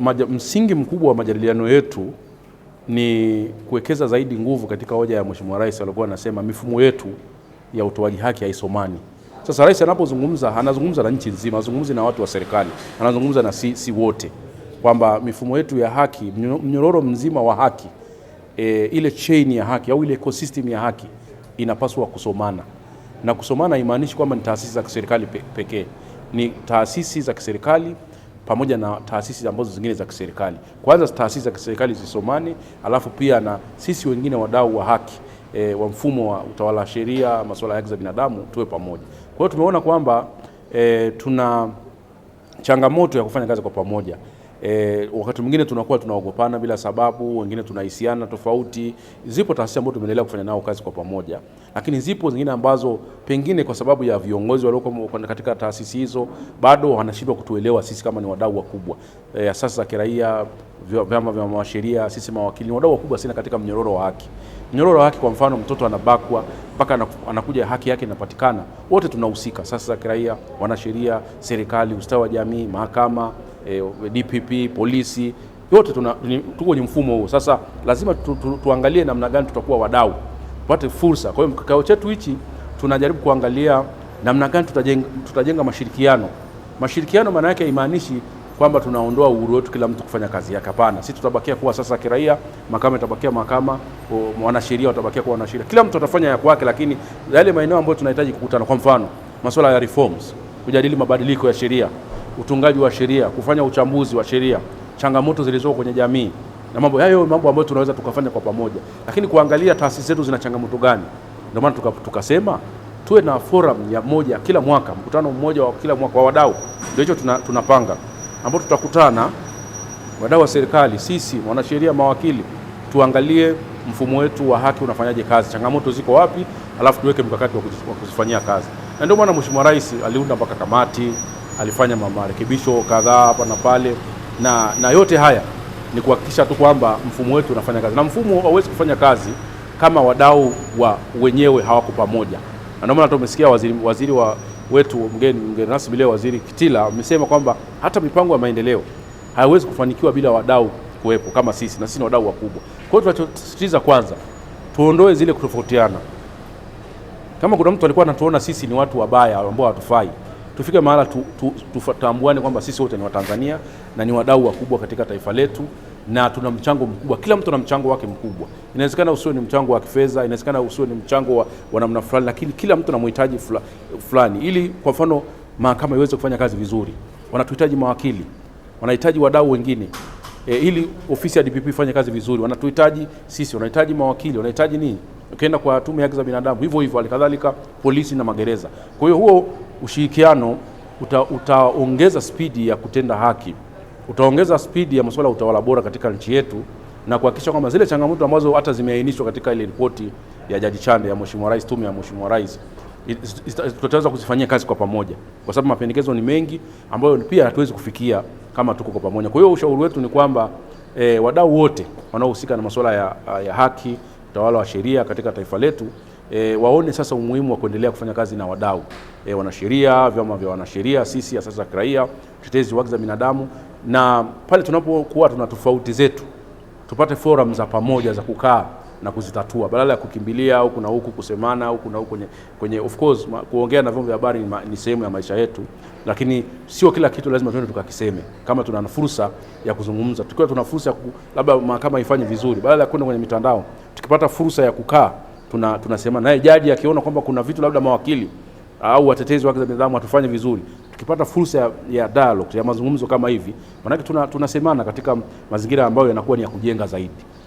Maja, msingi mkubwa wa majadiliano yetu ni kuwekeza zaidi nguvu katika hoja ya Mheshimiwa Rais aliyokuwa anasema mifumo yetu ya utoaji haki haisomani. Sasa rais anapozungumza anazungumza na nchi nzima, azungumzi na watu wa serikali, anazungumza na si, si wote kwamba mifumo yetu ya haki, mnyororo mzima wa haki e, ile chain ya haki au ile ecosystem ya haki inapaswa kusomana, na kusomana haimaanishi kwamba ni taasisi za kiserikali pekee, ni taasisi za kiserikali pamoja na taasisi ambazo zingine za kiserikali. Kwanza taasisi za kiserikali zisomane, alafu pia na sisi wengine wadau wa haki e, wa mfumo wa utawala wa sheria, masuala ya haki za binadamu tuwe pamoja. Kwa hiyo tumeona kwamba e, tuna changamoto ya kufanya kazi kwa pamoja. E, wakati mwingine tunakuwa tunaogopana bila sababu, wengine tunahisiana tofauti. Zipo taasisi ambazo tumeendelea kufanya nao kazi kwa pamoja, lakini zipo zingine ambazo pengine kwa sababu ya viongozi walioko katika taasisi hizo bado wanashindwa kutuelewa sisi kama ni wadau wakubwa, e, asasi za kiraia, vyama vya wanasheria, sisi mawakili ni wadau wakubwa sana katika mnyororo wa haki. Mnyororo wa haki, kwa mfano, mtoto anabakwa mpaka anakuja haki yake inapatikana, wote tunahusika, asasi za kiraia, wanasheria, serikali, ustawi wa jamii, mahakama eh, DPP, polisi yote tuna, tuko kwenye mfumo huu. Sasa lazima tu, tu, tuangalie namna gani tutakuwa wadau tupate fursa. Kwa hiyo kikao chetu hichi tunajaribu kuangalia namna gani tutajenga, tutajenga mashirikiano. Mashirikiano maana yake haimaanishi kwamba tunaondoa uhuru wetu kila mtu kufanya kazi yake. Hapana, sisi tutabakia kuwa sasa kiraia, mahakama itabakia mahakama, wanasheria watabakia kuwa wanasheria, kila mtu atafanya ya kwake, lakini yale maeneo ambayo tunahitaji kukutana, kwa mfano masuala ya reforms, kujadili mabadiliko ya sheria utungaji wa sheria, kufanya uchambuzi wa sheria, changamoto zilizoko kwenye jamii na mambo hayo, mambo ambayo tunaweza tukafanya kwa pamoja, lakini kuangalia taasisi zetu zina changamoto gani. Ndio maana tukasema tuka tuwe na forum ya moja kila mwaka, mkutano mmoja wa kila mwaka wa wadau. Ndio hicho tuna, tunapanga ambao tutakutana wadau wa serikali, sisi wanasheria, mawakili, tuangalie mfumo wetu wa haki unafanyaje kazi, changamoto ziko wapi, alafu tuweke mkakati wa kuzifanyia kazi. Na ndio maana Mheshimiwa Rais aliunda mpaka kamati alifanya marekebisho kadhaa hapa na pale, na na yote haya ni kuhakikisha tu kwamba mfumo wetu unafanya kazi, na mfumo hauwezi kufanya kazi kama wadau wa wenyewe hawako pamoja, na ndio maana tumesikia waziri, waziri wa wetu mgeni mgeni rasmi leo Waziri Kitila amesema kwamba hata mipango ya maendeleo hayawezi kufanikiwa bila wadau kuwepo kama sisi, na sisi ni wadau wakubwa. Kwa hiyo tunachosisitiza kwanza, tuondoe zile kutofautiana. Kama kuna mtu alikuwa anatuona sisi ni watu wabaya ambao hatufai tufike mahala tu, tu, kwamba sisi wote ni Watanzania na ni wadau wakubwa katika taifa letu na tuna mchango mkubwa. Kila mtu ana mchango wake mkubwa. Inawezekana usiwe ni mchango wa kifedha, inawezekana usiwe ni mchango wa, wa namna fulani, lakini kila mtu anamhitaji mhitaji fulani, ili kwa mfano mahakama iweze kufanya kazi vizuri. Wanatuhitaji mawakili, wanahitaji wadau wengine e, ili ofisi ya DPP ifanye kazi vizuri. Wanatuhitaji sisi, wanahitaji mawakili, wanahitaji nini ukienda kwa tume haki za binadamu hivyo hivyo, alikadhalika polisi na magereza. Kwa hiyo huo ushirikiano uta, utaongeza spidi ya kutenda haki, utaongeza spidi ya masuala ya utawala bora katika nchi yetu na kuhakikisha kwamba zile changamoto ambazo hata zimeainishwa katika ile ripoti ya Jaji Chande ya Mheshimiwa Rais, tume ya Mheshimiwa Rais, tutaweza kuzifanyia kazi kwa pamoja, kwa sababu mapendekezo ni mengi ambayo pia hatuwezi kufikia kama tuko kwa pamoja. Kwa hiyo ushauri wetu ni kwamba e, wadau wote wanaohusika na masuala ya, ya haki utawala wa sheria katika taifa letu e, waone sasa umuhimu wa kuendelea kufanya kazi na wadau e, wanasheria, vyama vya wanasheria, sisi asasi za kiraia, tetezi wa haki za binadamu, na pale tunapokuwa tuna tofauti zetu tupate forum za pamoja za kukaa na kuzitatua badala ya kukimbilia au kuna huku kusemana au kuna huku kwenye, kwenye of course ma, kuongea na vyombo vya habari ni sehemu ya maisha yetu, lakini sio kila kitu lazima tuende tukakiseme. Kama tuna fursa ya kuzungumza, tukiwa tuna fursa ya labda mahakama ifanye vizuri, badala ya kwenda kwenye mitandao tukipata fursa ya kukaa tuna tunasema naye jaji akiona kwamba kuna vitu labda mawakili au watetezi wa haki za binadamu hatufanye vizuri, tukipata fursa ya, ya dialogue ya mazungumzo kama hivi, maanake tunasemana tuna katika mazingira ambayo yanakuwa ni ya kujenga zaidi.